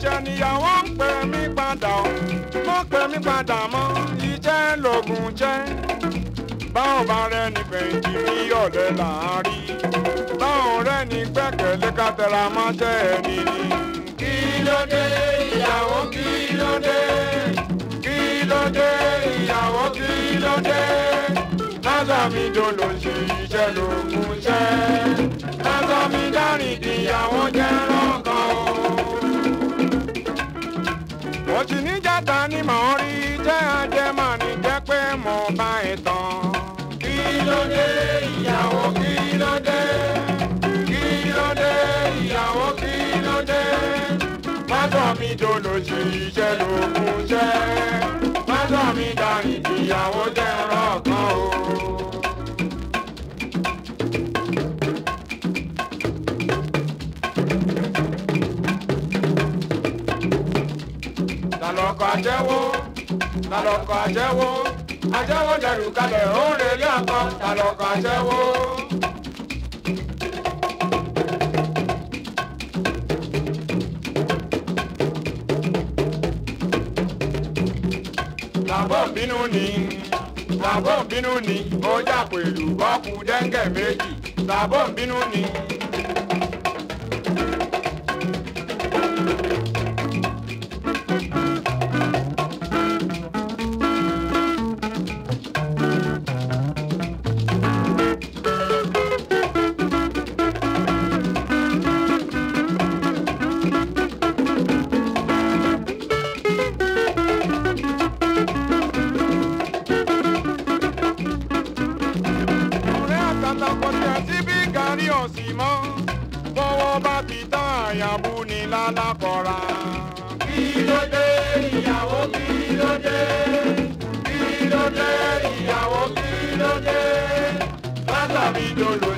ìjẹ́ níyàwó ń pè mí padà ọ́ mọ́ pè mí padà mọ́ ìjẹ́ lògùn jẹ́ báwo bá rẹ ní fẹ̀yìntì ní ọ̀lẹ́ là á rẹ ní gbẹ́kẹ̀lé ká tẹra jẹ́ ẹni ni. ìyàwó kí ló ìyàwó kí lásàmì dolo ṣe iṣẹ́ lògùn jẹ́ lásàmì dáná. ìníjàta ni mò ń rí jẹ́ ajẹ́mọ̀ ní jẹ́ pé mo bá ẹ tán. kí ló dé ìyàwó kí ló dé kí ló dé ìyàwó kí ló dé mọ́tò mi jòlò ṣe iṣẹ́ lòkùn jẹ́. lọkọ àjẹwò ta lọkọ àjẹwò àjẹwò dẹrù kalẹ̀ òun rè lé akọ ta lọkọ àjẹwò. làbọ̀ bínú ni làbọ̀ bínú ni ó jà pẹ̀lú bọ́ọ̀kù méjì làbọ̀ bínú ni. ò sí mọ́ tọwọ́ bá ti tán àyàbù ní lálàkọ̀ra. kí ló dé ìyàwó kí ló dé kí ló dé ìyàwó kí ló dé látàrí dolo.